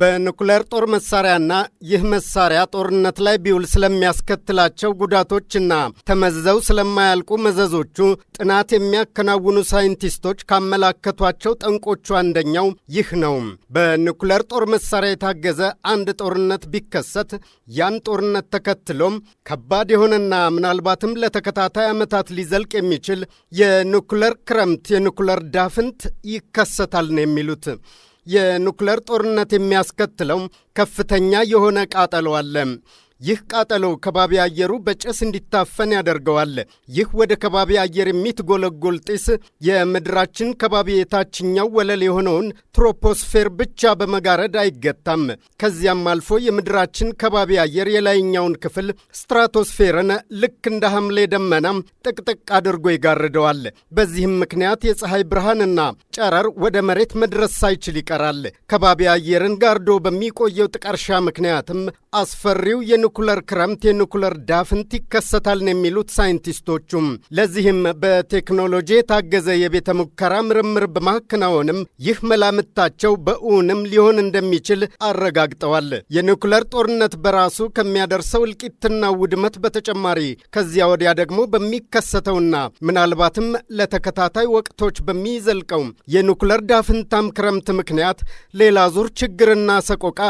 በኑክሌር ጦር መሳሪያና ይህ መሳሪያ ጦርነት ላይ ቢውል ስለሚያስከትላቸው ጉዳቶችና ተመዘው ስለማያልቁ መዘዞቹ ጥናት የሚያከናውኑ ሳይንቲስቶች ካመላከቷቸው ጠንቆቹ አንደኛው ይህ ነው። በኑክሌር ጦር መሳሪያ የታገዘ አንድ ጦርነት ቢከሰት ያን ጦርነት ተከትሎም ከባድ የሆነና ምናልባትም ለተከታታይ ዓመታት ሊዘልቅ የሚችል የኑክሌር ክረምት፣ የኑክሌር ዳፍንት ይከሰታል ነው የሚሉት። የኑክሌር ጦርነት የሚያስከትለው ከፍተኛ የሆነ ቃጠሎ አለ። ይህ ቃጠሎ ከባቢ አየሩ በጭስ እንዲታፈን ያደርገዋል። ይህ ወደ ከባቢ አየር የሚትጎለጎል ጢስ የምድራችን ከባቢ የታችኛው ወለል የሆነውን ትሮፖስፌር ብቻ በመጋረድ አይገታም። ከዚያም አልፎ የምድራችን ከባቢ አየር የላይኛውን ክፍል ስትራቶስፌርን ልክ እንደ ሐምሌ ደመና ጥቅጥቅ አድርጎ ይጋርደዋል። በዚህም ምክንያት የፀሐይ ብርሃንና ጨረር ወደ መሬት መድረስ ሳይችል ይቀራል። ከባቢ አየርን ጋርዶ በሚቆየው ጥቀርሻ ምክንያትም አስፈሪው የኒኩለር ክረምት የኒኩለር ዳፍንት ይከሰታል ነው የሚሉት ሳይንቲስቶቹም። ለዚህም በቴክኖሎጂ የታገዘ የቤተ ሙከራ ምርምር በማከናወንም ይህ መላምታቸው በእውንም ሊሆን እንደሚችል አረጋግጠዋል። የኒኩለር ጦርነት በራሱ ከሚያደርሰው እልቂትና ውድመት በተጨማሪ ከዚያ ወዲያ ደግሞ በሚከሰተውና ምናልባትም ለተከታታይ ወቅቶች በሚዘልቀው የኒኩለር ዳፍንታም ክረምት ምክንያት ሌላ ዙር ችግርና ሰቆቃ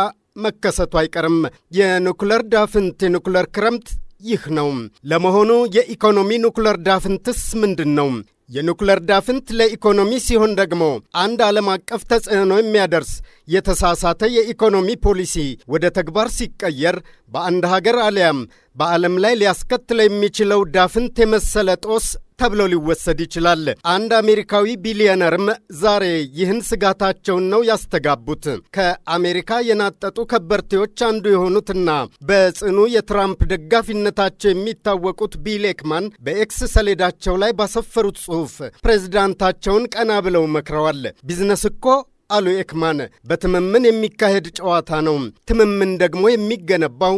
መከሰቱ አይቀርም። የኑክለር ዳፍንት የኑክለር ክረምት ይህ ነው። ለመሆኑ የኢኮኖሚ ኑክለር ዳፍንትስ ምንድን ነው? የኑክለር ዳፍንት ለኢኮኖሚ ሲሆን ደግሞ አንድ ዓለም አቀፍ ተጽዕኖ የሚያደርስ የተሳሳተ የኢኮኖሚ ፖሊሲ ወደ ተግባር ሲቀየር በአንድ ሀገር አሊያም በዓለም ላይ ሊያስከትለው የሚችለው ዳፍንት የመሰለ ጦስ ተብሎ ሊወሰድ ይችላል። አንድ አሜሪካዊ ቢሊዮነርም ዛሬ ይህን ስጋታቸውን ነው ያስተጋቡት። ከአሜሪካ የናጠጡ ከበርቴዎች አንዱ የሆኑትና በጽኑ የትራምፕ ደጋፊነታቸው የሚታወቁት ቢል ኤክማን በኤክስ ሰሌዳቸው ላይ ባሰፈሩት ጽሑፍ ፕሬዝዳንታቸውን ቀና ብለው መክረዋል። ቢዝነስ እኮ አሉ ኤክማን፣ በትምምን የሚካሄድ ጨዋታ ነው። ትምምን ደግሞ የሚገነባው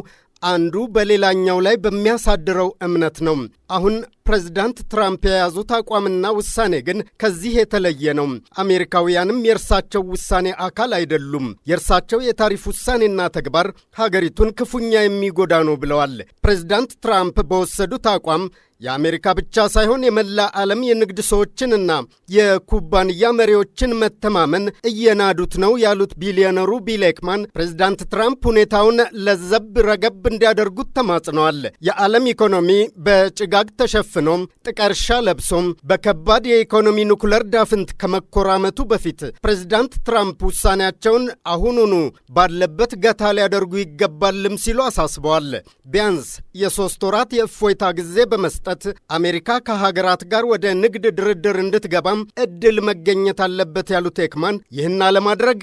አንዱ በሌላኛው ላይ በሚያሳድረው እምነት ነው። አሁን ፕሬዚዳንት ትራምፕ የያዙት አቋምና ውሳኔ ግን ከዚህ የተለየ ነው። አሜሪካውያንም የእርሳቸው ውሳኔ አካል አይደሉም። የእርሳቸው የታሪፍ ውሳኔና ተግባር ሀገሪቱን ክፉኛ የሚጎዳ ነው ብለዋል። ፕሬዚዳንት ትራምፕ በወሰዱት አቋም የአሜሪካ ብቻ ሳይሆን የመላ ዓለም የንግድ ሰዎችንና የኩባንያ መሪዎችን መተማመን እየናዱት ነው ያሉት ቢሊዮነሩ ቢሌክማን ፕሬዚዳንት ትራምፕ ሁኔታውን ለዘብ ረገብ እንዲያደርጉት ተማጽነዋል። የዓለም ኢኮኖሚ በጭጋግ ተሸፍ ታፍኖም ጥቀርሻ ለብሶም በከባድ የኢኮኖሚ ኑክለር ዳፍንት ከመኮራመቱ በፊት ፕሬዚዳንት ትራምፕ ውሳኔያቸውን አሁኑኑ ባለበት ገታ ሊያደርጉ ይገባልም ሲሉ አሳስበዋል። ቢያንስ የሶስት ወራት የእፎይታ ጊዜ በመስጠት አሜሪካ ከሀገራት ጋር ወደ ንግድ ድርድር እንድትገባም እድል መገኘት አለበት ያሉት ኤክማን ይህን አለማድረግ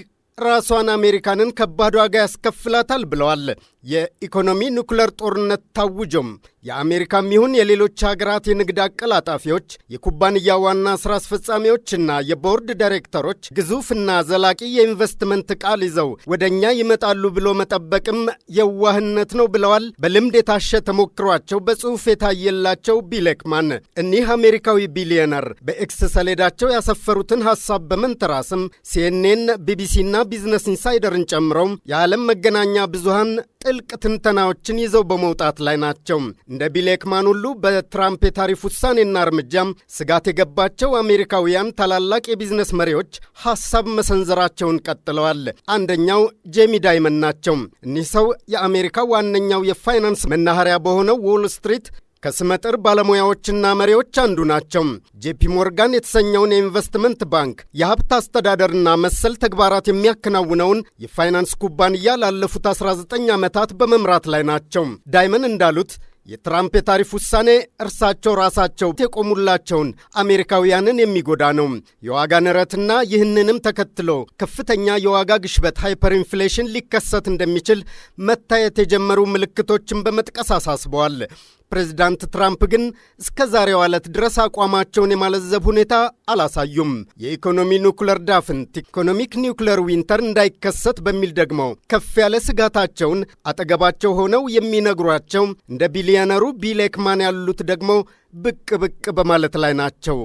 ራሷን አሜሪካንን ከባድ ዋጋ ያስከፍላታል ብለዋል። የኢኮኖሚ ኑክለር ጦርነት ታውጆም የአሜሪካም ይሁን የሌሎች ሀገራት የንግድ አቀላጣፊዎች የኩባንያ ዋና ስራ አስፈጻሚዎችና የቦርድ ዳይሬክተሮች ግዙፍና ዘላቂ የኢንቨስትመንት ቃል ይዘው ወደ እኛ ይመጣሉ ብሎ መጠበቅም የዋህነት ነው ብለዋል። በልምድ የታሸ ተሞክሯቸው በጽሑፍ የታየላቸው ቢሌክማን። እኒህ አሜሪካዊ ቢሊዮነር በኤክስ ሰሌዳቸው ያሰፈሩትን ሀሳብ በመንተራስም ሲኤንኤን፣ ቢቢሲና ቢዝነስ ኢንሳይደርን ጨምረውም የዓለም መገናኛ ብዙሃን ጥልቅ ትንተናዎችን ይዘው በመውጣት ላይ ናቸው። እንደ ቢሌክማን ሁሉ በትራምፕ የታሪፍ ውሳኔና እርምጃም ስጋት የገባቸው አሜሪካውያን ታላላቅ የቢዝነስ መሪዎች ሀሳብ መሰንዘራቸውን ቀጥለዋል። አንደኛው ጄሚ ዳይመን ናቸው። እኒህ ሰው የአሜሪካ ዋነኛው የፋይናንስ መናኸሪያ በሆነው ዎል ስትሪት ከስመጥር ባለሙያዎችና መሪዎች አንዱ ናቸው። ጄፒ ሞርጋን የተሰኘውን የኢንቨስትመንት ባንክ የሀብት አስተዳደርና መሰል ተግባራት የሚያከናውነውን የፋይናንስ ኩባንያ ላለፉት 19 ዓመታት በመምራት ላይ ናቸው። ዳይመን እንዳሉት የትራምፕ የታሪፍ ውሳኔ እርሳቸው ራሳቸው የቆሙላቸውን አሜሪካውያንን የሚጎዳ ነው። የዋጋ ንረትና ይህንንም ተከትሎ ከፍተኛ የዋጋ ግሽበት ሃይፐር ኢንፍሌሽን ሊከሰት እንደሚችል መታየት የጀመሩ ምልክቶችን በመጥቀስ አሳስበዋል። ፕሬዚዳንት ትራምፕ ግን እስከ ዛሬው ዕለት ድረስ አቋማቸውን የማለዘብ ሁኔታ አላሳዩም። የኢኮኖሚ ኒውክለር ዳፍንት ኢኮኖሚክ ኒውክለር ዊንተር እንዳይከሰት በሚል ደግሞ ከፍ ያለ ስጋታቸውን አጠገባቸው ሆነው የሚነግሯቸው እንደ ቢሊዮነሩ ቢል ኤክማን ያሉት ደግሞ ብቅ ብቅ በማለት ላይ ናቸው።